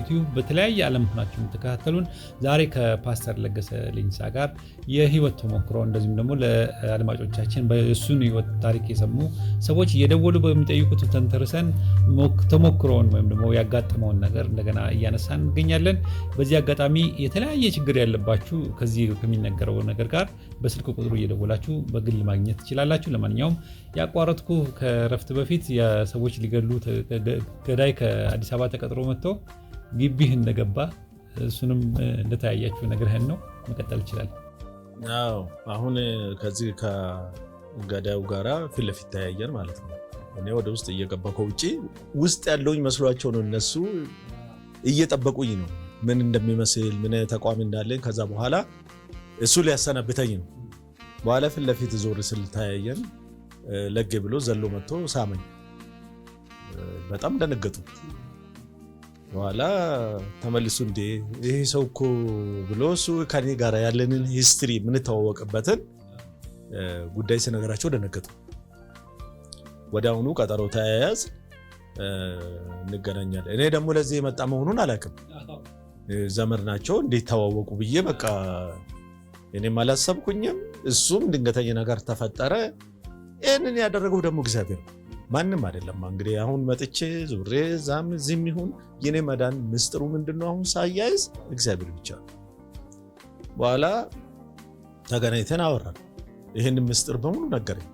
በዩቲዩብ በተለያየ ዓለም ሆናችሁ የምትከታተሉን ዛሬ ከፓስተር ለገሰ ሌንሳ ጋር የህይወት ተሞክሮ እንደዚሁም ደግሞ ለአድማጮቻችን በእሱን ህይወት ታሪክ የሰሙ ሰዎች እየደወሉ በሚጠይቁት ተንተርሰን ተሞክሮውን ወይም ደግሞ ያጋጠመውን ነገር እንደገና እያነሳን እንገኛለን። በዚህ አጋጣሚ የተለያየ ችግር ያለባችሁ ከዚህ ከሚነገረው ነገር ጋር በስልክ ቁጥሩ እየደወላችሁ በግል ማግኘት ትችላላችሁ። ለማንኛውም ያቋረጥኩ ከረፍት በፊት የሰዎች ሊገሉ ገዳይ ከአዲስ አበባ ተቀጥሮ መጥተው ግቢህ እንደገባ እሱንም እንደተያያችሁ ነግረህን ነው መቀጠል ይችላል። አዎ አሁን ከዚህ ከገዳዩ ጋራ ፊት ለፊት ተያየን ማለት ነው። እኔ ወደ ውስጥ እየገባ ከውጭ ውስጥ ያለውኝ መስሏቸው ነው እነሱ እየጠበቁኝ ነው ምን እንደሚመስል ምን ተቋም እንዳለኝ። ከዛ በኋላ እሱ ሊያሰናብተኝ ነው። በኋላ ፊት ለፊት ዞር ስል ተያየን። ለጌ ብሎ ዘሎ መጥቶ ሳመኝ። በጣም ደነገጡ። በኋላ ተመልሱ እንዴ ይሄ ሰው እኮ ብሎ እሱ ከኔ ጋር ያለንን ሂስትሪ የምንተዋወቅበትን ጉዳይ ስነገራቸው ደነገጡ። ወደ አሁኑ ቀጠሮ ተያያዝ እንገናኛለን። እኔ ደግሞ ለዚህ የመጣ መሆኑን አላውቅም። ዘመድ ናቸው እንዴት ተዋወቁ ብዬ በቃ እኔም አላሰብኩኝም። እሱም ድንገተኛ ነገር ተፈጠረ። ይህንን ያደረገው ደግሞ እግዚአብሔር ነው። ማንም አይደለም። እንግዲህ አሁን መጥቼ ዙሬ ዛም እዚህም ይሁን የኔ መዳን ምስጢሩ ምንድነው? አሁን ሳያይዝ እግዚአብሔር ብቻ ነው። በኋላ ተገናኝተን አወራን። ይህን ምስጢር በሙሉ ነገረኝ።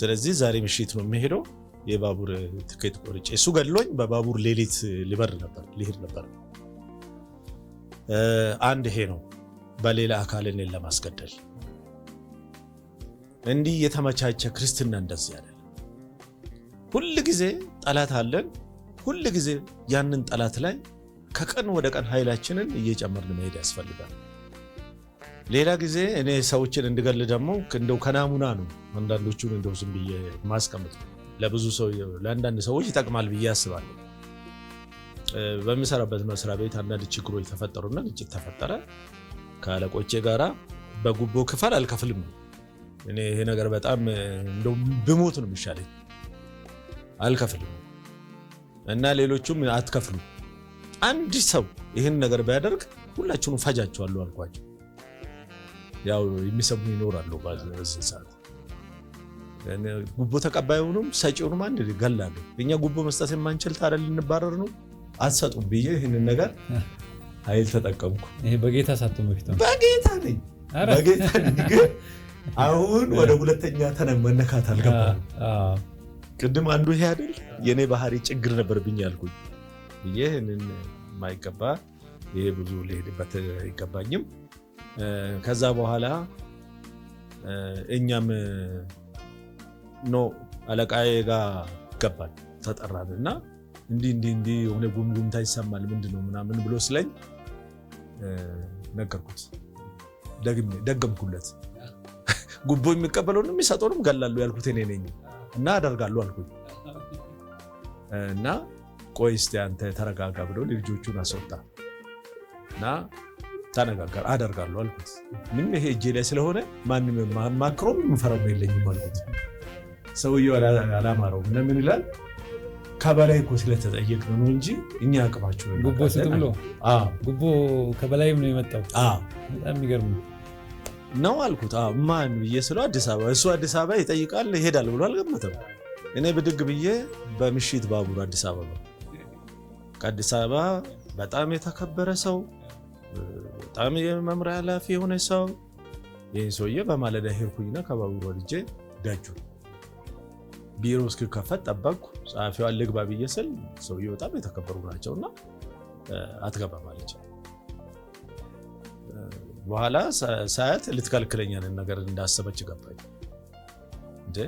ስለዚህ ዛሬ ምሽት ነው የሚሄደው የባቡር ትኬት ቆርጬ እሱ ገድሎኝ በባቡር ሌሊት ሊበር ነበር ሊሄድ ነበር። አንድ ይሄ ነው። በሌላ አካል እኔን ለማስገደል እንዲህ የተመቻቸ ክርስትና እንደዚህ ያለ ሁል ጊዜ ጠላት አለን። ሁል ጊዜ ያንን ጠላት ላይ ከቀን ወደ ቀን ኃይላችንን እየጨመርን መሄድ ያስፈልጋል። ሌላ ጊዜ እኔ ሰዎችን እንድገል ደግሞ እንደው ከናሙና ነው አንዳንዶቹን እንደው ዝም ብዬ ማስቀምጥ ለብዙ ሰው ለአንዳንድ ሰዎች ይጠቅማል ብዬ አስባለሁ። በምሰራበት መስሪያ ቤት አንዳንድ ችግሮች ተፈጠሩና ግጭት ተፈጠረ። ከአለቆቼ ጋራ በጉቦ ክፈል አልከፍልም። እኔ ይሄ ነገር በጣም እንደው ብሞት ነው የሚሻለኝ አልከፍልም እና ሌሎቹም አትከፍሉ። አንድ ሰው ይህን ነገር ቢያደርግ ሁላችሁንም ፈጃችኋለሁ አልኳቸው። ያው የሚሰሙ ይኖራሉ። በዚህ ሰዓት ጉቦ ተቀባዩንም ሰጪውንም አንድ ገላሉ። እኛ ጉቦ መስጠት የማንችል ታዲያ ልንባረር ነው አትሰጡም ብዬ ይህንን ነገር ኃይል ተጠቀምኩ። በጌታ ሳትሆን በፊት በጌታ ነኝ በጌታ ግን አሁን ወደ ሁለተኛ ተነ መነካት አልገባም ቅድም አንዱ ይሄ አይደል የእኔ ባህሪ ችግር ነበርብኝ ያልኩኝ ብዬ ይህንን የማይገባ ይሄ ብዙ ሊሄድበት አይገባኝም። ከዛ በኋላ እኛም ኖ አለቃዬ ጋር ገባል ተጠራን እና እንዲህ እንዲህ እንዲህ የሆነ ጉምጉምታ ይሰማል ምንድን ነው ምናምን ብሎ ስለኝ ነገርኩት። ደግሜ ደገምኩለት። ጉቦ የሚቀበለውንም የሚሰጠውንም ገላለሁ ያልኩት እኔ ነኝ። እና አደርጋለሁ አልኩኝ እና ቆይ እስኪ አንተ ተረጋጋ ብሎ ልጆቹን አስወጣ እና ተነጋገር አደርጋለሁ አልኩት። ምንም ይሄ እጄ ላይ ስለሆነ ማንም ማክሮም የምፈራው የለኝም አልኩት። ሰውየው አላማረው እና ምን ይላል ከበላይ እኮ ስለተጠየቅ ነው እንጂ እኛ አቅማችሁ ጉቦ ከበላይም ነው የመጣው። በጣም የሚገርም ነው አልኩት። ማን ብዬ ስለው አዲስ አበባ። እሱ አዲስ አበባ ይጠይቃል ይሄዳል ብሎ አልገመተም። እኔ ብድግ ብዬ በምሽት ባቡር አዲስ አበባ ከአዲስ አበባ በጣም የተከበረ ሰው፣ በጣም የመምሪያ ኃላፊ የሆነ ሰው ይህን ሰውዬ በማለዳ ሄድኩኝና ከባቡር ወርጄ ደጁ ቢሮ እስኪከፈት ጠበቅኩ። ጸሐፊዋን ልግባ ብዬ ስል ሰውዬ በጣም የተከበሩ ናቸውና አትገባም አለች። በኋላ ሳያት ልትከልክለኝ ነገር እንዳሰበች ገባኝ። እንደ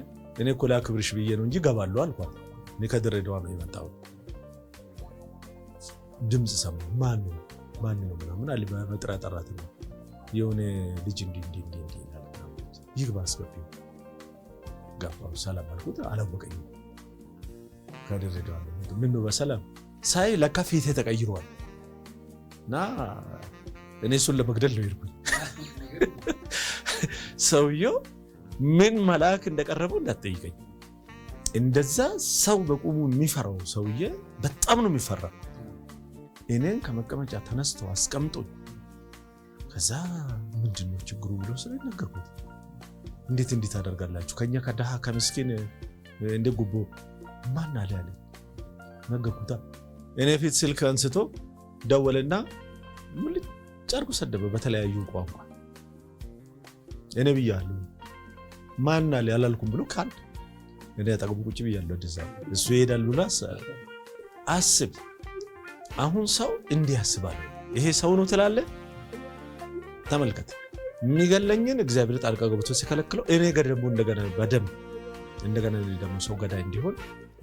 እኔ እኮ ላክብርሽ ብዬ ነው እንጂ ገባሉ አልኳት። እኔ ከድሬዳዋ ነው የመጣው። ድምፅ ሰማሁ። ማን ማን ነው ምናምን አለ። በመጥሪያ ጠራት ነው የሆነ ልጅ እንዲህ እንዲህ እንዲህ ይግባ አስገቢ። ገባሁ። ሰላም አልኩት። አላወቀኝ ከድሬዳዋ ነው። ምነው በሰላም ሳይ ለካ ፊቴ ተቀይሯል እና እኔ እሱን ለመግደል ነው ሄድኩኝ። ሰውየው ምን መልአክ እንደቀረበው እንዳትጠይቀኝ። እንደዛ ሰው በቁሙ የሚፈራው ሰውየ በጣም ነው የሚፈራ። እኔን ከመቀመጫ ተነስቶ አስቀምጦኝ፣ ከዛ ምንድን ነው ችግሩ ብሎ ስለ ነገርኩት። እንዴት እንዲህ ታደርጋላችሁ? ከኛ ከድሃ ከምስኪን እንደ ጉቦ ማን አለ ያለ ነገርኩታ። እኔ ፊት ስልክ አንስቶ ደወለና ጨርቁ ሰደበ በተለያዩ ቋንቋ። እኔ ብያለሁ ማን አለ ያላልኩም ብሎ ካል እኔ አጠገቡ ቁጭ ብያለሁ። ደዛ እሱ ይሄዳሉ አስብ። አሁን ሰው እንዲህ ያስባል። ይሄ ሰው ነው ትላለ ተመልከት የሚገለኝን እግዚአብሔር ጣልቃ ገብቶ ሲከለክለው እኔ ደግሞ እንደገና በደም እንደገና ደግሞ ሰው ገዳይ እንዲሆን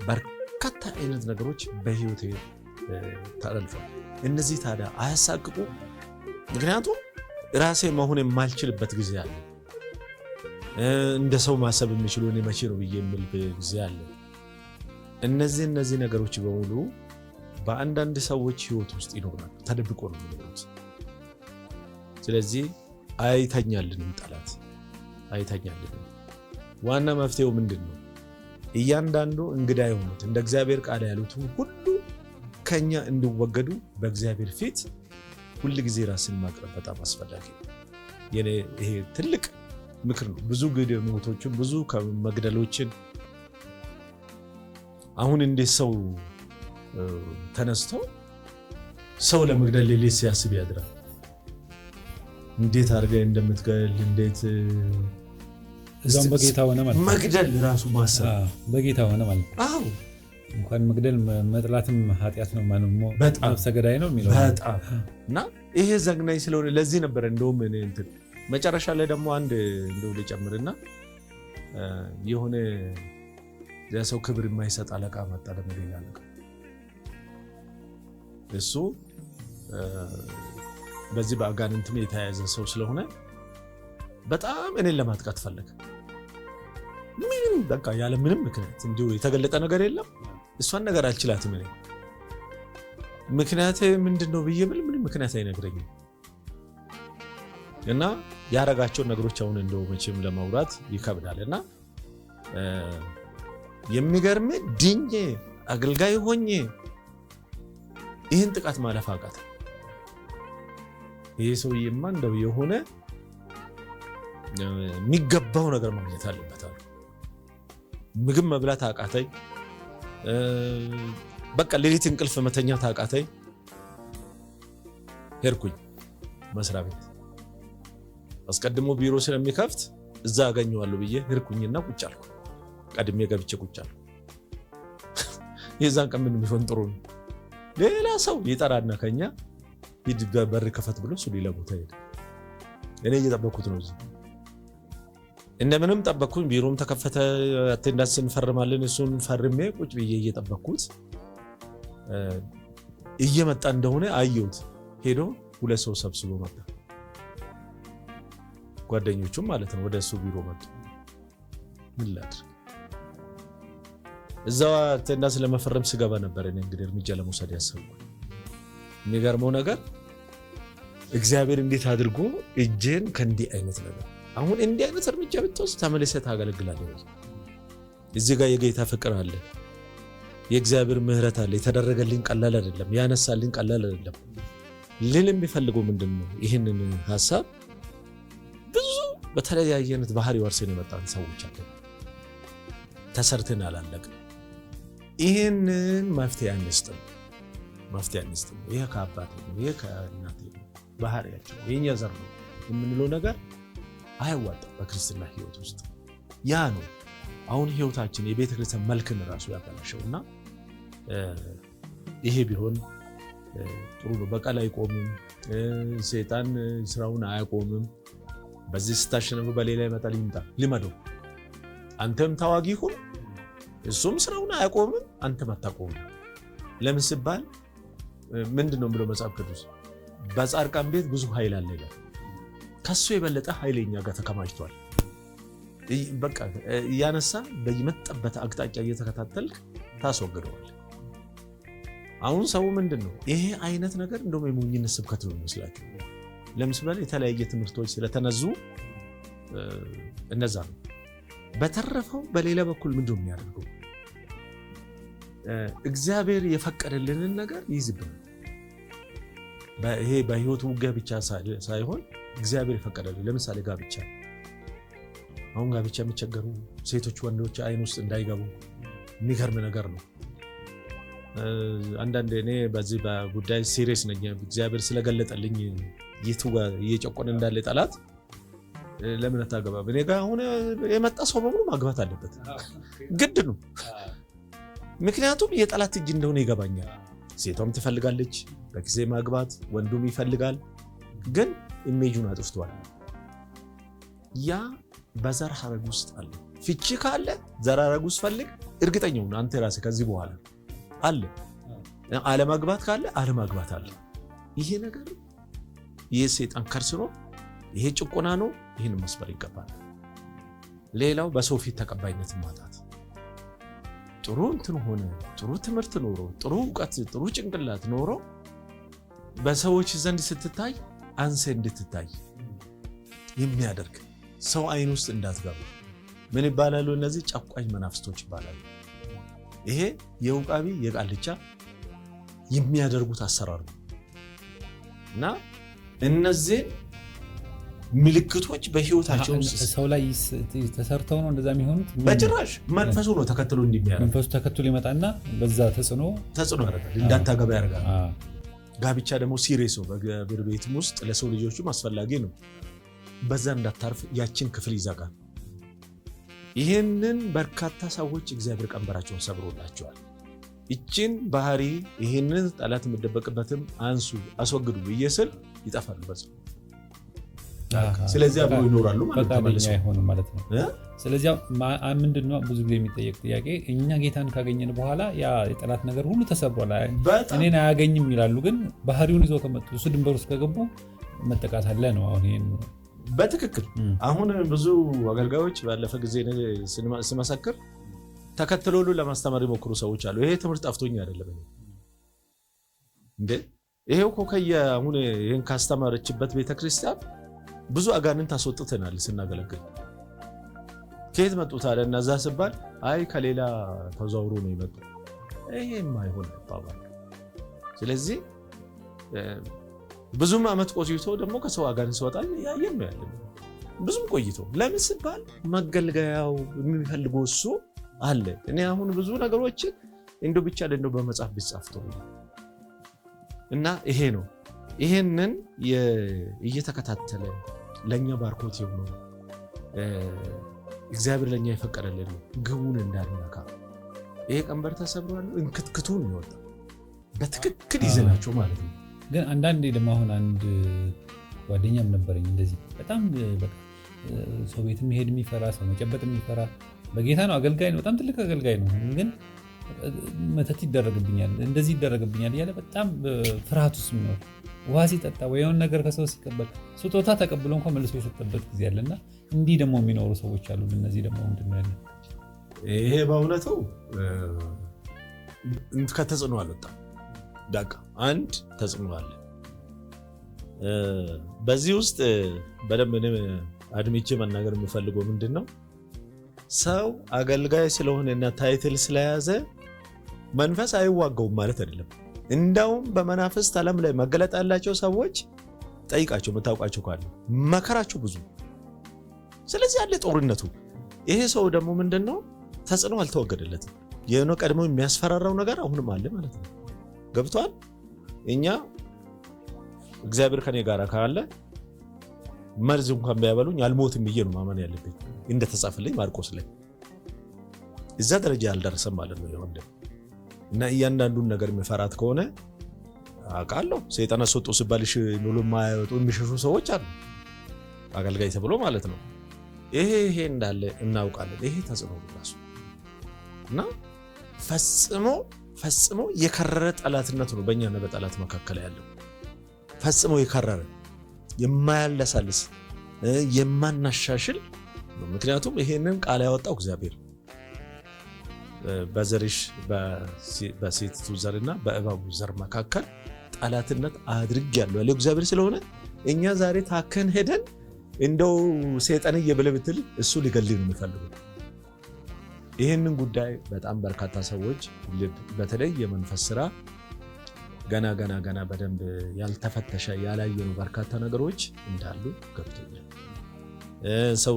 በርካታ አይነት ነገሮች በህይወት ተላልፏል። እነዚህ ታዲያ አያሳቅቁ ምክንያቱም ራሴ መሆን የማልችልበት ጊዜ አለ። እንደ ሰው ማሰብ የሚችሉ እኔ መቼ ነው ብዬ የሚል ጊዜ አለ። እነዚህ እነዚህ ነገሮች በሙሉ በአንዳንድ ሰዎች ህይወት ውስጥ ይኖራል፣ ተደብቆ ነው የሚኖሩት። ስለዚህ አይተኛልንም፣ ጠላት አይተኛልንም። ዋና መፍትሄው ምንድን ነው? እያንዳንዱ እንግዳ የሆኑት እንደ እግዚአብሔር ቃል ያሉትም ሁሉ ከኛ እንዲወገዱ በእግዚአብሔር ፊት ሁል ጊዜ ራስን ማቅረብ በጣም አስፈላጊ ነው። የኔ ይሄ ትልቅ ምክር ነው። ብዙ ሞቶችን፣ ብዙ መግደሎችን አሁን እንዴት ሰው ተነስቶ ሰው ለመግደል ሌሊት ሲያስብ ያድራል። እንዴት አድርገህ እንደምትገል እንዴት እዛም በጌታ ሆነ ማለት መግደል ራሱ ማሰብ በጌታ ሆነ ማለት አዎ እንኳን መግደል መጥላትም ኃጢአት ነው ማለት ሰገዳይ ነው የሚለው በጣም እና ይሄ ዘግናኝ ስለሆነ ለዚህ ነበረ እንደውም እንትን መጨረሻ ላይ ደግሞ አንድ እንደው ልጨምርና የሆነ ለሰው ክብር የማይሰጥ አለቃ መጣ። ደግሞ ሌላ አለቃ እሱ በዚህ በአጋንንትም የተያያዘ ሰው ስለሆነ በጣም እኔን ለማጥቃት ፈለገ። ምንም በቃ ያለ ምንም ምክንያት እንዲሁ የተገለጠ ነገር የለም። እሷን ነገር አልችላትም። እኔ ምክንያት ምንድን ነው ብዬ ብል ምንም ምክንያት አይነግረኝም። እና ያረጋቸውን ነገሮች አሁን እንደው መቼም ለማውራት ይከብዳል። እና የሚገርም ድኜ አገልጋይ ሆኜ ይህን ጥቃት ማለፍ አቃት። ይህ ሰውዬማ እንደው የሆነ የሚገባው ነገር ማግኘት አለበታል። ምግብ መብላት አቃተኝ። በቃ ሌሊት እንቅልፍ መተኛ ታቃተኝ። ሄድኩኝ መስሪያ ቤት አስቀድሞ ቢሮ ስለሚከፍት እዛ አገኘዋለሁ ብዬ ሄድኩኝና ቁጭ አልኩ። ቀድሜ ገብቼ ቁጭ አልኩ። የዛን ቀን ምንም ቢሆን ጥሩ ነው። ሌላ ሰው ይጠራና ከኛ ሂድ በር ክፈት ብሎ እሱ ሌላ ቦታ ሄደ። እኔ እየጠበኩት ነው እዚህ እንደምንም ጠበቅኩኝ። ቢሮም ተከፈተ። አቴንዳንስ እንፈርማለን። እሱን ፈርሜ ቁጭ ብዬ እየጠበቅኩት እየመጣ እንደሆነ አየሁት። ሄዶ ሁለት ሰው ሰብስቦ መጣ። ጓደኞቹም ማለት ነው ወደ እሱ ቢሮ መጡ። ምን ላድርግ? እዛው አቴንዳንስ ለመፈረም ስገባ ነበር እኔ እንግዲህ እርምጃ ለመውሰድ ያሰብኩ። የሚገርመው ነገር እግዚአብሔር እንዴት አድርጎ እጄን ከእንዲህ አይነት ነገር አሁን እንዲህ አይነት እርምጃ ብትወስድ ተመልሰ ታገለግላለ። እዚ ጋር የጌታ ፍቅር አለ፣ የእግዚአብሔር ምህረት አለ። የተደረገልኝ ቀላል አይደለም፣ ያነሳልኝ ቀላል አይደለም ልል የሚፈልገው ምንድን ነው? ይህንን ሀሳብ ብዙ በተለያየ አይነት ባህሪ ወርሰን የመጣን ሰዎች አለ፣ ተሰርተን አላለቅም። ይህንን መፍትሄ አንስጥም፣ መፍትሄ አንስጥም። ይህ ከአባት ይህ ከእናት ባህሪያቸው የኛ ዘር ነው የምንለው ነገር አያዋጣም በክርስትና ህይወት ውስጥ ያ ነው አሁን ህይወታችን የቤተ ክርስቲያን መልክን ራሱ ያበላሸው እና ይሄ ቢሆን ጥሩ ነው። በቃል አይቆምም፣ ሴጣን ስራውን አያቆምም። በዚህ ስታሸነፉ በሌላ ይመጣል። ይምጣ፣ ልመደው። አንተም ታዋጊ ሁን፣ እሱም ስራውን አያቆምም፣ አንተም አታቆምም። ለምን ሲባል ምንድን ነው ብሎ መጽሐፍ ቅዱስ በጻድቃን ቤት ብዙ ኃይል አለ ይላል። ከሱ የበለጠ ኃይለኛ ጋር ተከማችቷል። በቃ እያነሳ በመጠበተ አቅጣጫ እየተከታተል ታስወግደዋል። አሁን ሰው ምንድን ነው ይሄ አይነት ነገር እንደውም የሞኝነት ስብከት ነው ይመስላችሁ። ለምስበል የተለያየ ትምህርቶች ስለተነዙ እነዛ ነው። በተረፈው በሌላ በኩል ምንድን ነው የሚያደርገው? እግዚአብሔር የፈቀደልንን ነገር ይይዝብናል። ይሄ በህይወት ውጊያ ብቻ ሳይሆን እግዚአብሔር የፈቀደልኝ ለምሳሌ ጋብቻ አሁን ጋብቻ የሚቸገሩ ሴቶች ወንዶች አይን ውስጥ እንዳይገቡ የሚገርም ነገር ነው። አንዳንድ እኔ በዚህ በጉዳይ ሲሪየስ ነኝ። እግዚአብሔር ስለገለጠልኝ የቱ እየጨቆን እየጨቆነ እንዳለ ጠላት ለምን አታገባም? እኔ ጋ አሁን የመጣ ሰው በሙሉ ማግባት አለበት ግድ ነው። ምክንያቱም የጠላት እጅ እንደሆነ ይገባኛል። ሴቷም ትፈልጋለች በጊዜ ማግባት፣ ወንዱም ይፈልጋል ግን ኢሜጁን አጥፍቷል። ያ በዘር ሀረግ ውስጥ አለ። ፍቺ ካለ ዘር ሀረግ ውስጥ ፈልግ። እርግጠኛውን አንተ ራስህ ከዚህ በኋላ አለ አለማግባት ካለ አለማግባት አለ። ይሄ ነገር ይሄ ሰይጣን ከርስ ነው። ይሄ ጭቆና ነው። ይህን መስበር ይገባል። ሌላው በሰው ፊት ተቀባይነት ማጣት። ጥሩ እንትን ሆነ ጥሩ ትምህርት ኖሮ ጥሩ እውቀት ጥሩ ጭንቅላት ኖሮ በሰዎች ዘንድ ስትታይ አንሴ እንድትታይ የሚያደርግ ሰው አይን ውስጥ እንዳትገቡ ምን ይባላሉ? እነዚህ ጨቋኝ መናፍስቶች ይባላሉ። ይሄ የውቃቢ የቃልቻ የሚያደርጉት አሰራር ነው እና እነዚህ ምልክቶች በህይወታቸው ሰው ላይ ተሰርተው ነው እንደዛ የሚሆኑት። በጭራሽ መንፈሱ ነው ተከትሎ እንዲሚያ መንፈሱ ተከትሎ ይመጣና በዛ ተጽዕኖ ተጽዕኖ ያደርጋል። እንዳታገባ ያደርጋል። ጋብቻ ደግሞ ሲሪየስ ነው። በግብር ቤትም ውስጥ ለሰው ልጆችም አስፈላጊ ነው። በዛ እንዳታርፍ ያችን ክፍል ይዘጋል። ይህንን በርካታ ሰዎች እግዚአብሔር ቀንበራቸውን ሰብሮላቸዋል። ይችን ባህሪ ይህንን ጠላት የምደበቅበትም አንሱ አስወግዱ ብዬ ስል ይጠፋሉ በዛው ስለዚህ አብሮ ይኖራሉ ማለት ነው። ስለዚያ ምንድን ነው ብዙ ጊዜ የሚጠየቅ ጥያቄ፣ እኛ ጌታን ካገኘን በኋላ ያ የጠላት ነገር ሁሉ ተሰብሯል፣ እኔን አያገኝም ይላሉ። ግን ባህሪውን ይዘው ከመጡ እሱ ድንበር ውስጥ ከገቡ መጠቃት አለ ነው። አሁን ይሄን በትክክል አሁን ብዙ አገልጋዮች ባለፈ ጊዜ ስመሰክር ተከትሎ ለማስተማር የሞክሩ ሰዎች አሉ። ይሄ ትምህርት ጠፍቶኝ አይደለም እንዴ ይሄው እኮ አሁን ይህን ካስተማረችበት ቤተክርስቲያን ብዙ አጋንንት አስወጥተናል ስናገለግል። ከየት መጡ ታዲያ? ስባል አይ ከሌላ ተዘውሮ ነው የመጡ። ይሄም አይሆን ይባባል። ስለዚህ ብዙም አመት ቆይቶ ደግሞ ከሰው አጋንንት ሲወጣል ያየም ያለ ብዙም ቆይቶ ለምን ስባል መገልገያው የሚፈልገው እሱ አለ። እኔ አሁን ብዙ ነገሮችን እንዶ ብቻ ደንዶ በመጽሐፍ ቢጻፍ ጥሩ እና ይሄ ነው። ይሄንን እየተከታተለ ለእኛ ባርኮት የሆኑ እግዚአብሔር ለእኛ የፈቀደልን ነው። ግቡን እንዳንነካ ይሄ ቀንበር ተሰብሯል። እንክትክቱ ይወጣ በትክክል ይዘናቸው ማለት ነው። ግን አንዳንዴ ደግሞ አሁን አንድ ጓደኛም ነበረኝ እንደዚህ በጣም ሰው ቤት የሚሄድ የሚፈራ ሰው መጨበጥ የሚፈራ በጌታ ነው አገልጋይ ነው፣ በጣም ትልቅ አገልጋይ ነው ግን መተት ይደረግብኛል፣ እንደዚህ ይደረግብኛል እያለ በጣም ፍርሃት ውስጥ የሚኖር ውሃ ሲጠጣ ወይ የሆነ ነገር ከሰው ሲቀበል ስጦታ ተቀብሎ እንኳ መልሶ የሰጠበት ጊዜ አለና እንዲህ ደግሞ የሚኖሩ ሰዎች አሉ። እነዚህ ደግሞ ምንድን ነው ይሄ በእውነቱ ከተጽዕኖ አልወጣ ዳቃ አንድ ተጽዕኖ አለ። በዚህ ውስጥ በደንብ አድሚቼ መናገር የምፈልገው ምንድን ነው ሰው አገልጋይ ስለሆነ እና ታይትል ስለያዘ መንፈስ አይዋጋውም ማለት አይደለም። እንዳውም በመናፍስት ዓለም ላይ መገለጥ ያላቸው ሰዎች ጠይቃቸው፣ የምታውቃቸው ካለ መከራቸው ብዙ። ስለዚህ ያለ ጦርነቱ ይሄ ሰው ደግሞ ምንድን ነው ተጽዕኖ አልተወገደለትም። የሆነ ቀድሞ የሚያስፈራራው ነገር አሁንም አለ ማለት ነው። ገብቷል። እኛ እግዚአብሔር ከኔ ጋር ካለ መርዝ እንኳን ቢያበሉኝ አልሞትም ብዬ ነው ማመን ያለብኝ እንደተጻፈልኝ ማርቆስ ላይ እዛ ደረጃ አልደረሰም ማለት ነው። እና እያንዳንዱን ነገር የሚፈራት ከሆነ አውቃለሁ። ሰይጣን አስወጡ ሲባልሽ ሙሉ የማያወጡ የሚሸሹ ሰዎች አሉ፣ አገልጋይ ተብሎ ማለት ነው። ይሄ ይሄ እንዳለ እናውቃለን። ይሄ ተጽዕኖ ራሱ እና ፈጽሞ ፈጽሞ የከረረ ጠላትነት ነው በእኛና በጠላት መካከል ያለው ፈጽሞ የከረረ የማያለሳልስ የማናሻሽል ምክንያቱም ይሄንን ቃል ያወጣው እግዚአብሔር በዘርሽ በሴቱ ዘር እና በእባቡ ዘር መካከል ጠላትነት አድርግ ያለው ያለው እግዚአብሔር ስለሆነ እኛ ዛሬ ታከን ሄደን እንደው ሴጠን ብለህ ብትል እሱ ሊገልህ ነው የሚፈልጉት። ይህንን ጉዳይ በጣም በርካታ ሰዎች በተለይ የመንፈስ ስራ ገና ገና ገና በደንብ ያልተፈተሸ ያላየኑ በርካታ ነገሮች እንዳሉ ገብቶኛል። ሰው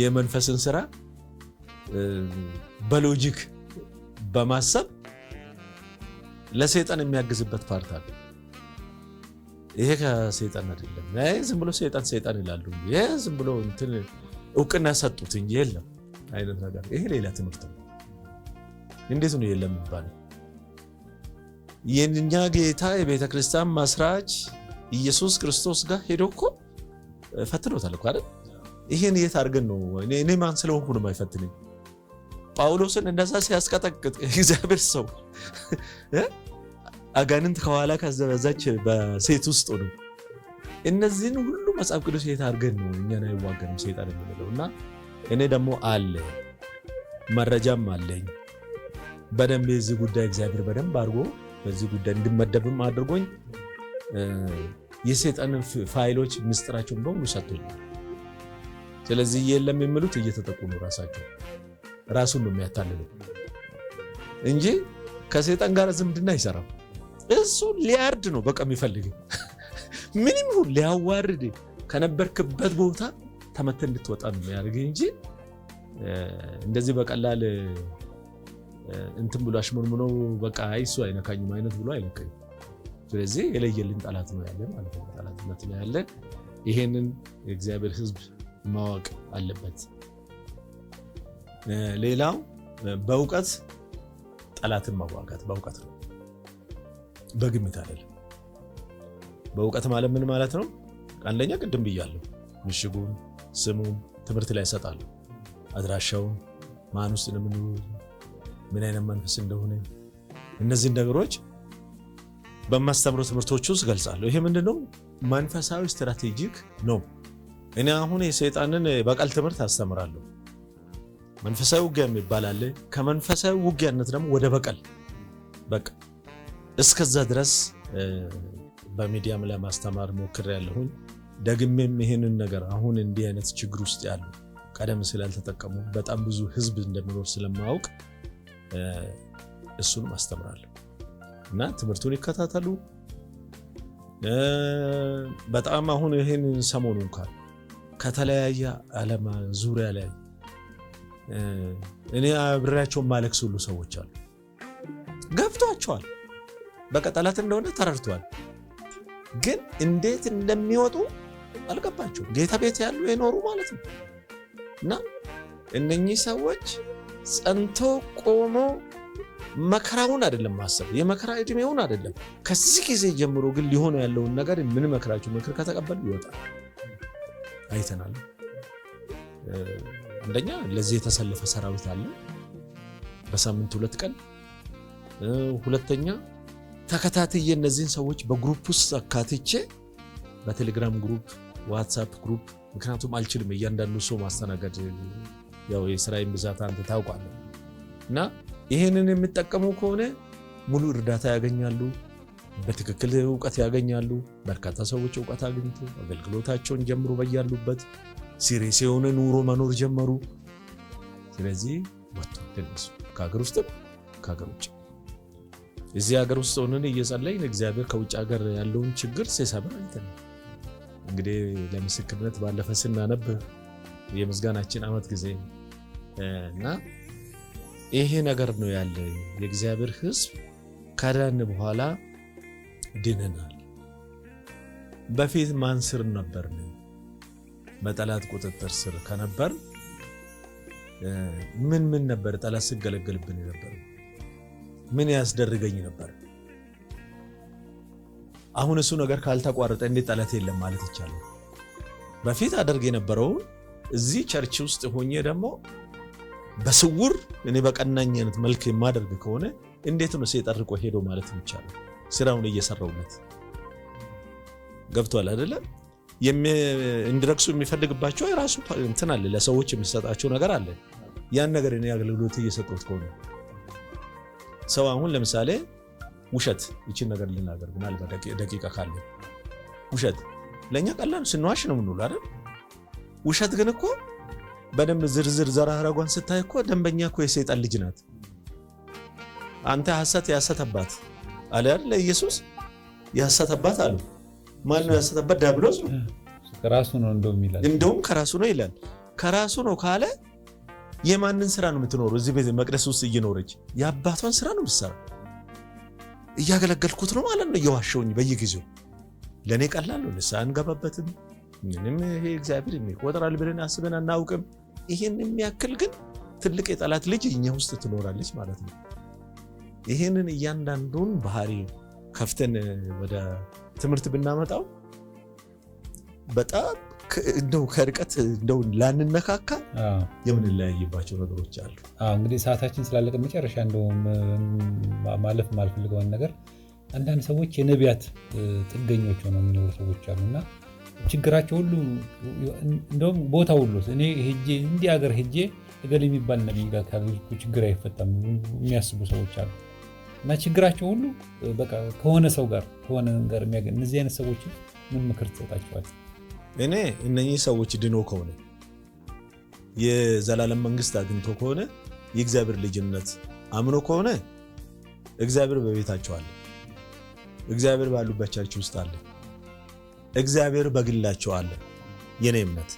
የመንፈስን ስራ በሎጂክ በማሰብ ለሰይጣን የሚያግዝበት ፓርት አለ። ይሄ ከሰይጣን አይደለም፣ ይሄ ዝም ብሎ ሰይጣን ሰይጣን ይላሉ፣ ይሄ ዝም ብሎ እንትን እውቅና ሰጡት እንጂ የለም አይነት ነገር። ይሄ ሌላ ትምህርት ነው። እንዴት ነው የለም የሚባለው? የእኛ ጌታ የቤተ ክርስቲያን መስራች ኢየሱስ ክርስቶስ ጋር ሄዶ እኮ ፈትኖታል እኮ አይደል? ይሄን የት አድርገን ነው እኔ ማን ስለሆንኩ ነው የማይፈትነኝ? ጳውሎስን እንደዛ ሲያስቀጠቅጥ እግዚአብሔር ሰው አጋንንት ከኋላ ካዘበዛች በሴት ውስጥ ነው። እነዚህን ሁሉ መጽሐፍ ቅዱስ የት አድርገን ነው እኛን አይዋገንም ሰይጣን የምንለው? እና እኔ ደግሞ አለ መረጃም አለኝ በደንብ የዚህ ጉዳይ እግዚአብሔር በደንብ አድርጎ በዚህ ጉዳይ እንድመደብም አድርጎኝ የሰይጣንን ፋይሎች ምስጢራቸውን በሙሉ ሰጥቶኛል። ስለዚህ የለም የሚሉት እየተጠቁ ነው ራሳቸው ራሱን ነው የሚያታልለው እንጂ ከሴጣን ጋር ዝምድና አይሰራም። እሱ ሊያርድ ነው በቃ የሚፈልግ ምንም ይሁን ሊያዋርድ ከነበርክበት ቦታ ተመተ እንድትወጣ ነው የሚያደርግ እንጂ እንደዚህ በቀላል እንትን ብሎ አሽሙርሙኖ በቃ እሱ አይነካኝም አይነት ብሎ አይነካኝም። ስለዚህ የለየልን ጠላት ነው ያለን ማለት ነው፣ ጠላትነት ነው ያለን። ይሄንን የእግዚአብሔር ሕዝብ ማወቅ አለበት። ሌላው በእውቀት ጠላትን መዋጋት በእውቀት ነው፣ በግምት አይደለም። በእውቀት ማለት ምን ማለት ነው? አንደኛ ቅድም ብያለሁ፣ ምሽጉን፣ ስሙን ትምህርት ላይ እሰጣለሁ፣ አድራሻውን፣ ማን ውስጥ ምን አይነት መንፈስ እንደሆነ እነዚህን ነገሮች በማስተምረው ትምህርቶች ውስጥ ገልጻለሁ። ይሄ ምንድነው? መንፈሳዊ ስትራቴጂክ ነው። እኔ አሁን የሰይጣንን በቀል ትምህርት አስተምራለሁ። መንፈሳዊ ውጊያ የሚባል አለ። ከመንፈሳዊ ውጊያነት ደግሞ ወደ በቀል በቃ እስከዛ ድረስ በሚዲያም ላይ ማስተማር ያለሁኝ ደግሜም ይህንን ነገር አሁን እንዲህ አይነት ችግር ውስጥ ያሉ ቀደም ስላልተጠቀሙ በጣም ብዙ ህዝብ እንደሚኖር ስለማወቅ እሱን አስተምራለሁ እና ትምህርቱን ይከታተሉ። በጣም አሁን ይህን ሰሞኑ እንኳን ከተለያየ ዓለም ዙሪያ ላይ እኔ አብሬያቸውን ማለቅስ ሁሉ ሰዎች አሉ። ገብቷቸዋል፣ በቃ ጠላት እንደሆነ ተረድቷል። ግን እንዴት እንደሚወጡ አልገባቸው። ጌታ ቤት ያሉ የኖሩ ማለት ነው እና እነኚህ ሰዎች ጸንቶ ቆሞ መከራውን አይደለም ማሰብ የመከራ እድሜውን አይደለም። ከዚህ ጊዜ ጀምሮ ግን ሊሆነ ያለውን ነገር የምንመክራቸው ምክር ከተቀበሉ ይወጣል። አይተናል። አንደኛ ለዚህ የተሰለፈ ሰራዊት አለ በሳምንት ሁለት ቀን። ሁለተኛ ተከታትዬ እነዚህን ሰዎች በግሩፕ ውስጥ አካትቼ በቴሌግራም ግሩፕ፣ ዋትሳፕ ግሩፕ ምክንያቱም አልችልም እያንዳንዱ ሰው ማስተናገድ ያው የስራዬን ብዛት አንተ ታውቃለህ። እና ይህንን የሚጠቀሙ ከሆነ ሙሉ እርዳታ ያገኛሉ፣ በትክክል እውቀት ያገኛሉ። በርካታ ሰዎች እውቀት አግኝቶ አገልግሎታቸውን ጀምሮ በያሉበት ሲሬስ የሆነ ኑሮ መኖር ጀመሩ። ስለዚህ ወጥቶ ተነሱ፣ ከሀገር ውስጥ ከሀገር ውጭ እዚህ ሀገር ውስጥ ሆነን እየጸለይን እግዚአብሔር ከውጭ ሀገር ያለውን ችግር ሲሰማ አይተን እንግዲህ ለምስክርነት ባለፈ ስናነብ የምስጋናችን ዓመት ጊዜ እና ይሄ ነገር ነው ያለ የእግዚአብሔር ሕዝብ ከዳን በኋላ ድነናል። በፊት ማን ስር ነበርን? በጠላት ቁጥጥር ስር ከነበር ምን ምን ነበር ጠላት ስገለገልብን ነበር? ምን ያስደርገኝ ነበር? አሁን እሱ ነገር ካልተቋረጠ እንዴት ጠላት የለም ማለት ይቻላል? በፊት አደርግ የነበረው እዚህ ቸርች ውስጥ ሆኜ ደግሞ በስውር እኔ በቀናኝ አይነት መልክ የማደርግ ከሆነ እንዴት ነው ሰይጣን ሄዶ ማለት ይቻላል? ስራውን እየሰራውለት ገብቷል አይደለም? እንዲረክሱ የሚፈልግባቸው የራሱ እንትን አለ፣ ለሰዎች የሚሰጣቸው ነገር አለ። ያን ነገር እኔ አገልግሎት እየሰጠሁት ከሆነ ሰው አሁን ለምሳሌ ውሸት ይችን ነገር ልናገር ምናልባት ደቂቃ ካለ ውሸት ለእኛ ቀላል ስንዋሽ ነው ምንውሉ አይደል? ውሸት ግን እኮ በደንብ ዝርዝር ዘራረጓን ስታይ እኮ ደንበኛ እኮ የሰይጣን ልጅ ናት። አንተ ሐሰት ያሰተባት አለ አይደል? ኢየሱስ ያሰተባት አሉ ማነው ያሰጠበት? ዲያብሎስ ነው ራሱ ነው እንደውም ከራሱ ነው ይላል። ከራሱ ነው ካለ የማንን ስራ ነው የምትኖረው? እዚህ ቤተ መቅደስ ውስጥ እየኖረች የአባቷን ስራ ነው የምትሰራ። እያገለገልኩት ነው ማለት ነው፣ እየዋሸውኝ በየጊዜው ለእኔ ቀላሉ ነው። ንስሓ እንገባበትም ምንም ይሄ እግዚአብሔር የሚቆጥራል ብለን አስበን አናውቅም። ይህን የሚያክል ግን ትልቅ የጠላት ልጅ እኛ ውስጥ ትኖራለች ማለት ነው። ይህንን እያንዳንዱን ባህሪ ከፍተን ወደ ትምህርት ብናመጣው በጣም እንደው ከርቀት እንደው ላንነካካ የምንለያይባቸው ነገሮች አሉ። እንግዲህ ሰዓታችን ስላለቀ መጨረሻ እንደውም ማለፍ ማልፈልገውን ነገር አንዳንድ ሰዎች የነቢያት ጥገኞች ሆነው የሚኖሩ ሰዎች እና ችግራቸው ሁሉ እንደውም ቦታ ሁሉ እኔ ሄጄ እንዲህ ሀገር ሄጄ እገሌ የሚባል ነቢይ ጋር ችግር አይፈታም የሚያስቡ ሰዎች አሉ። እና ችግራቸው ሁሉ በቃ ከሆነ ሰው ጋር ከሆነ ነገር የሚያገኝ እነዚህ አይነት ሰዎች ምን ምክር ትሰጣቸዋል? እኔ እነኚህ ሰዎች ድኖ ከሆነ የዘላለም መንግስት አግኝቶ ከሆነ የእግዚአብሔር ልጅነት አምኖ ከሆነ እግዚአብሔር በቤታቸው አለ። እግዚአብሔር ባሉባቻቸው ውስጥ አለ። እግዚአብሔር በግላቸው አለ። የኔ እምነት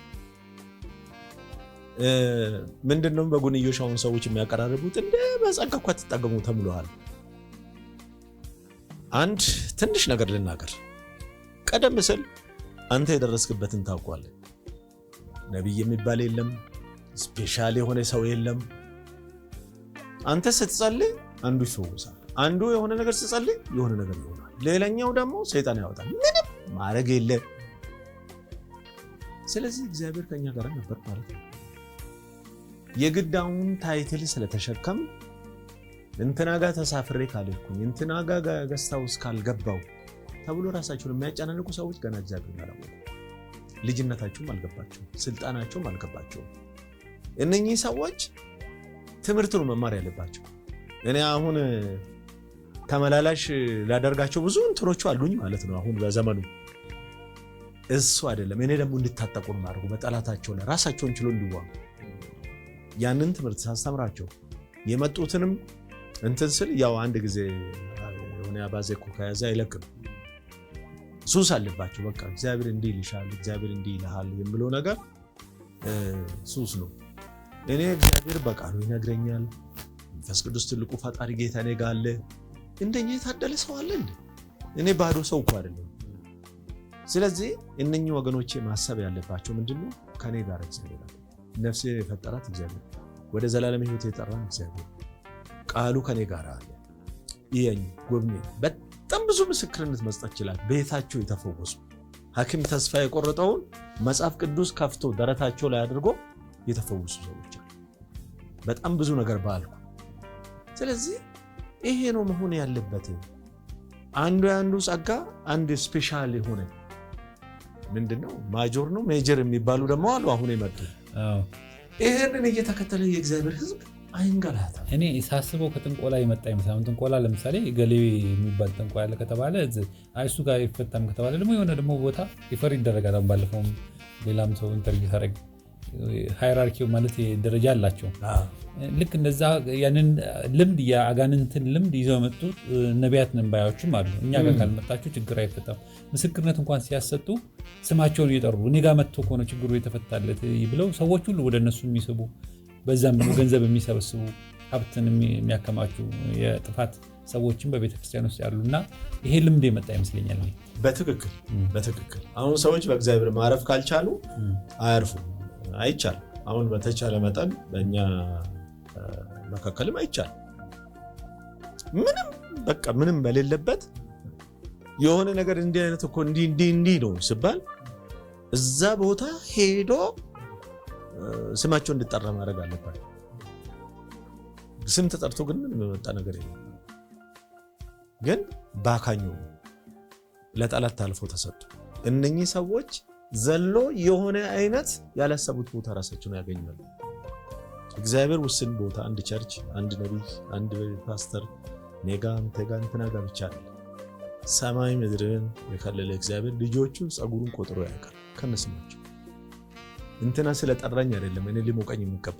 ምንድነው? በጎንዮሽ አሁን ሰዎች የሚያቀራርቡት እንደ በጸጋ እኮ አትጠገሙ ተብለዋል። አንድ ትንሽ ነገር ልናገር። ቀደም ስል አንተ የደረስክበትን ታውቋለን። ነቢይ የሚባል የለም፣ ስፔሻል የሆነ ሰው የለም። አንተ ስትጸልይ አንዱ ይፈወሳል፣ አንዱ የሆነ ነገር ስትጸልይ የሆነ ነገር ይሆናል፣ ሌላኛው ደግሞ ሰይጣን ያወጣል። ምንም ማድረግ የለ። ስለዚህ እግዚአብሔር ከኛ ጋር ነበር ማለት ነው። የግዳውን ታይትል ስለተሸከም እንትና ጋር ተሳፍሬ ካልሄድኩኝ እንትና ጋር ገስታ እስካልገባው ካልገባው ተብሎ ራሳቸውን የሚያጨናንቁ ሰዎች ገና እግዚአብሔር አላወቁ፣ ልጅነታቸውም አልገባቸውም፣ ስልጣናቸውም አልገባቸውም። እነኚህ ሰዎች ትምህርት ነው መማር ያለባቸው። እኔ አሁን ተመላላሽ ላደርጋቸው ብዙ እንትኖቹ አሉኝ ማለት ነው። አሁን በዘመኑ እሱ አይደለም። እኔ ደግሞ እንድታጠቁ ማድረጉ በጠላታቸው ላይ ራሳቸውን ችሎ እንዲዋ ያንን ትምህርት ሳስተምራቸው የመጡትንም እንትን ስል ያው አንድ ጊዜ የሆነ አባዜ እኮ ከያዘ አይለቅም። ሱስ አለባቸው። በቃ እግዚአብሔር እንዲህ ይልሻል፣ እግዚአብሔር እንዲህ ይልሃል የምለው ነገር ሱስ ነው። እኔ እግዚአብሔር በቃሉ ይነግረኛል። መንፈስ ቅዱስ ትልቁ ፈጣሪ ጌታ እኔ ጋር አለ። እንደኛ የታደለ ሰው አለ እንዴ? እኔ ባዶ ሰው እኮ አይደለም። ስለዚህ እነኚህ ወገኖቼ ማሰብ ያለባቸው ምንድነው? ከኔ ጋር እግዚአብሔር አለ። ነፍሴ የፈጠራት እግዚአብሔር፣ ወደ ዘላለም ህይወት የጠራን እግዚአብሔር ቃሉ ከኔ ጋር አለ። ይህ ጎብኝ በጣም ብዙ ምስክርነት መስጠት ይችላል። ቤታቸው የተፈወሱ ሐኪም ተስፋ የቆረጠውን መጽሐፍ ቅዱስ ከፍቶ ደረታቸው ላይ አድርጎ የተፈወሱ ሰዎች አሉ። በጣም ብዙ ነገር ባልኩ። ስለዚህ ይሄ ነው መሆን ያለበት። አንዱ የአንዱ ጸጋ አንድ ስፔሻል የሆነ ምንድን ነው ማጆር ነው ሜጀር የሚባሉ ደግሞ አሉ አሁን የመጡ ይህንን እየተከተለ የእግዚአብሔር ሕዝብ እኔ ሳስበው ከጥንቆላ የመጣ ይመስላል። ጥንቆላ ለምሳሌ ገሌ የሚባል ጥንቆላ ያለ ከተባለ እሱ ጋር አይፈታም ከተባለ ደግሞ የሆነ ደግሞ ቦታ ይፈር ይደረጋል። ባለፈውም ሌላም ሰው ኢንተርቪው ሳደርግ ሃይራርኪው ማለት ደረጃ አላቸው። ልክ እንደዛ ያንን ልምድ የአጋንንትን ልምድ ይዘው የመጡ ነቢያት ነንባያዎችም አሉ። እኛ ጋር ካልመጣችሁ ችግር አይፈታም። ምስክርነት እንኳን ሲያሰጡ ስማቸውን እየጠሩ እኔ ጋር መጥቶ ከሆነ ችግሩ የተፈታለት ብለው ሰዎች ሁሉ ወደ እነሱ የሚስቡ በዛም ደግሞ ገንዘብ የሚሰበስቡ ሀብትን የሚያከማቹ የጥፋት ሰዎችን በቤተክርስቲያን ውስጥ ያሉና ይሄ ልምድ የመጣ ይመስለኛል። በትክክል በትክክል አሁን ሰዎች በእግዚአብሔር ማረፍ ካልቻሉ አያርፉም። አይቻልም። አሁን በተቻለ መጠን በእኛ መካከልም አይቻልም። ምንም በቃ ምንም በሌለበት የሆነ ነገር እንዲህ አይነት እኮ እንዲህ እንዲህ እንዲህ ነው ሲባል እዛ ቦታ ሄዶ ስማቸው እንዲጠራ ማድረግ አለባቸው። ስም ተጠርቶ ግን ምን የመጣ ነገር የለም። ግን ባካኙ ለጠላት ታልፎ ተሰጡ። እነኚህ ሰዎች ዘሎ የሆነ አይነት ያላሰቡት ቦታ ራሳቸውን ያገኛሉ። እግዚአብሔር ውስን ቦታ አንድ ቸርች፣ አንድ ነቢይ፣ አንድ ፓስተር ኔጋ ንቴጋ እንትና ጋር ብቻ አለ። ሰማይ ምድርን የከለለ እግዚአብሔር ልጆቹ ጸጉሩን ቆጥሮ ያውቃል ከነስማቸው እንትና ስለጠራኝ አይደለም እኔ ሊሞቀኝ የሚገባ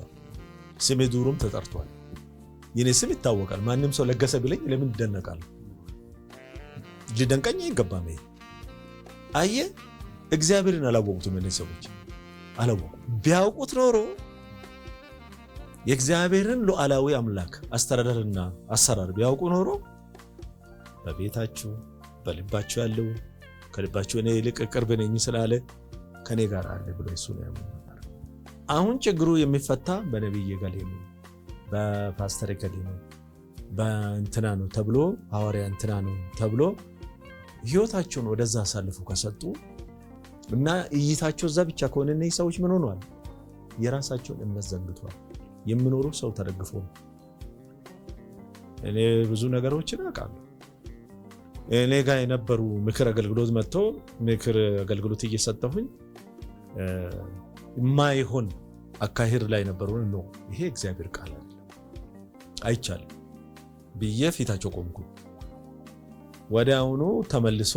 ስሜ ዱሩም ተጠርቷል። የኔ ስም ይታወቃል። ማንም ሰው ለገሰ ብለኝ ለምን ይደነቃለሁ? ሊደንቀኝ አይገባም። ይሄ አየ እግዚአብሔርን አላወቁትም። እነዚህ ሰዎች አላወቁ። ቢያውቁት ኖሮ የእግዚአብሔርን ሉዓላዊ አምላክ አስተዳደርና አሰራር ቢያውቁ ኖሮ በቤታችሁ በልባችሁ ያለው ከልባችሁ እኔ ይልቅ ቅርብ ነኝ ስላለ ከኔ ጋር አለ ብሎ እሱ ነው ያምኑ ነበር። አሁን ችግሩ የሚፈታ በነቢይ ገሌ ነው፣ በፓስተር ገሌ ነው፣ በእንትና ነው ተብሎ ሐዋርያ እንትና ነው ተብሎ ህይወታቸውን ወደዛ አሳልፉ ከሰጡ እና እይታቸው እዛ ብቻ ከሆነ እነህ ሰዎች ምን ሆኗል? የራሳቸውን እምነት ዘንግቷል። የምኖሩ ሰው ተደግፎ ነው። እኔ ብዙ ነገሮችን አውቃለሁ። እኔ ጋር የነበሩ ምክር አገልግሎት መጥቶ ምክር አገልግሎት እየሰጠሁኝ የማይሆን አካሄድ ላይ ነበሩ ነው። ይሄ እግዚአብሔር ቃል አለ አይቻልም ብዬ ፊታቸው ቆምኩ። ወዲያውኑ ተመልሶ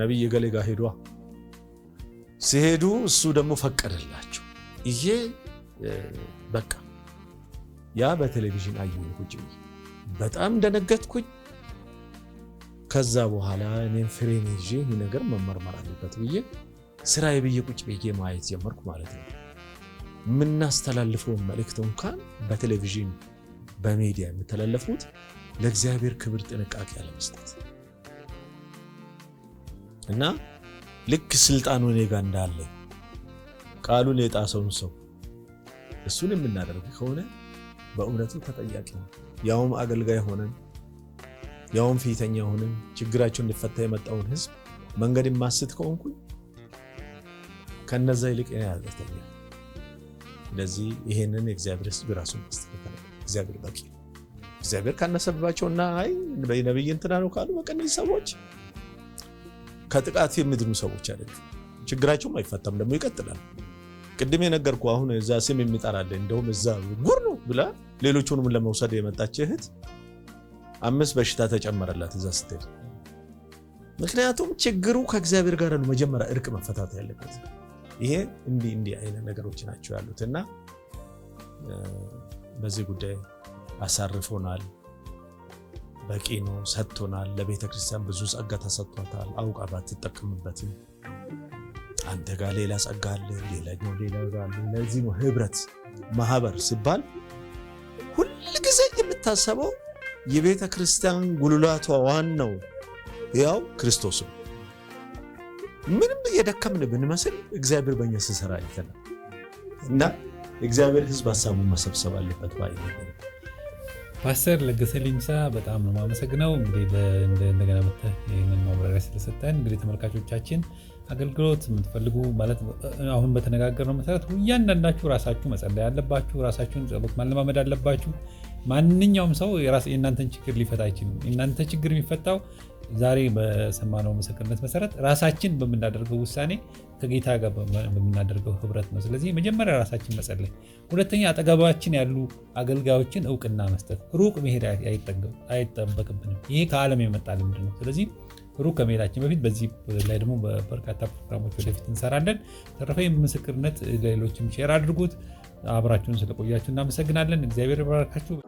ነቢይ ገሌ ጋ ሄዷ ሲሄዱ እሱ ደግሞ ፈቀደላቸው። ይሄ በቃ ያ በቴሌቪዥን አየሁ። በጣም ደነገጥኩኝ። ከዛ በኋላ እኔም ፍሬን ይዤ ይህ ነገር መመርመር አለበት ብዬ ስራዬ ብዬ ቁጭ ብዬ ማየት ጀመርኩ ማለት ነው። የምናስተላልፈውን መልእክት እንኳን በቴሌቪዥን በሚዲያ የሚተላለፉት ለእግዚአብሔር ክብር ጥንቃቄ አለመስጠት እና ልክ ስልጣኑ እኔ ጋር እንዳለ ቃሉን የጣሰውን ሰው እሱን የምናደርግ ከሆነ በእውነቱ ተጠያቂ ነው። ያውም አገልጋይ ሆነን ያውም ፊተኛ ሆነን ችግራቸው እንዲፈታ የመጣውን ህዝብ መንገድ ማስት ከሆንኩኝ ከነዛ ይልቅ ያዘተኛ። ስለዚህ ይሄንን የእግዚአብሔር ህዝብ ራሱ ማስተካከል እግዚአብሔር በቂ እግዚአብሔር ካነሰብባቸውና አይ ነብይ እንትና ነው ካሉ በቃ እነዚህ ሰዎች ከጥቃት የሚድኑ ሰዎች አይደለም። ችግራቸውም አይፈታም፣ ደግሞ ይቀጥላል። ቅድም የነገርኩ አሁን እዛ ስም የሚጠራለ እንደውም እዛ ጉር ነው ብላ ሌሎቹንም ለመውሰድ የመጣች እህት አምስት በሽታ ተጨመረላት እዛ ስትሄድ። ምክንያቱም ችግሩ ከእግዚአብሔር ጋር ነው መጀመሪያ እርቅ መፈታት ያለበት። ይሄ እንዲህ እንዲህ አይነት ነገሮች ናቸው ያሉት እና በዚህ ጉዳይ አሳርፎናል። በቂ ነው፣ ሰጥቶናል። ለቤተ ክርስቲያን ብዙ ጸጋ ተሰጥቷታል። አውቃ ባትጠቀምበትም አንተ ጋር ሌላ ጸጋ አለ፣ ሌላኛው ሌላ አለ። ለዚህ ነው ህብረት ማህበር ሲባል ሁልጊዜ የምታሰበው የቤተ ክርስቲያን ጉልላቷ ዋናው ያው ክርስቶስ ነው። ምንም እየደከምን ብንመስል እግዚአብሔር በእኛ ስንሰራ አይተናል እና እግዚአብሔር ሕዝብ ሀሳቡን መሰብሰብ አለበት ባይ ፓስተር ለገሰ ሌንሳ በጣም ነው የማመሰግነው። እንግዲህ እንደገና መተ ይህንን ማብራሪያ ስለሰጠን እንግዲህ ተመልካቾቻችን አገልግሎት የምትፈልጉ ማለት አሁን በተነጋገርነው መሰረት እያንዳንዳችሁ ራሳችሁ መጸለይ አለባችሁ። ራሳችሁን ጸሎት ማለማመድ አለባችሁ። ማንኛውም ሰው የራስ የእናንተን ችግር ሊፈታ አይችልም። የእናንተ ችግር የሚፈታው ዛሬ በሰማነው ምስክርነት መሰረት ራሳችን በምናደርገው ውሳኔ ከጌታ ጋር በምናደርገው ህብረት ነው። ስለዚህ መጀመሪያ ራሳችን መጸለይ፣ ሁለተኛ አጠገባችን ያሉ አገልጋዮችን እውቅና መስጠት። ሩቅ መሄድ አይጠበቅብንም። ይሄ ከዓለም የመጣ ልምድ ነው። ስለዚህ ሩቅ ከመሄዳችን በፊት በዚህ ላይ ደግሞ በርካታ ፕሮግራሞች ወደፊት እንሰራለን። ተረፈ ምስክርነት ለሌሎችም ሼር አድርጉት። አብራችሁን ስለቆያችሁ እናመሰግናለን። እግዚአብሔር ይባርካችሁ።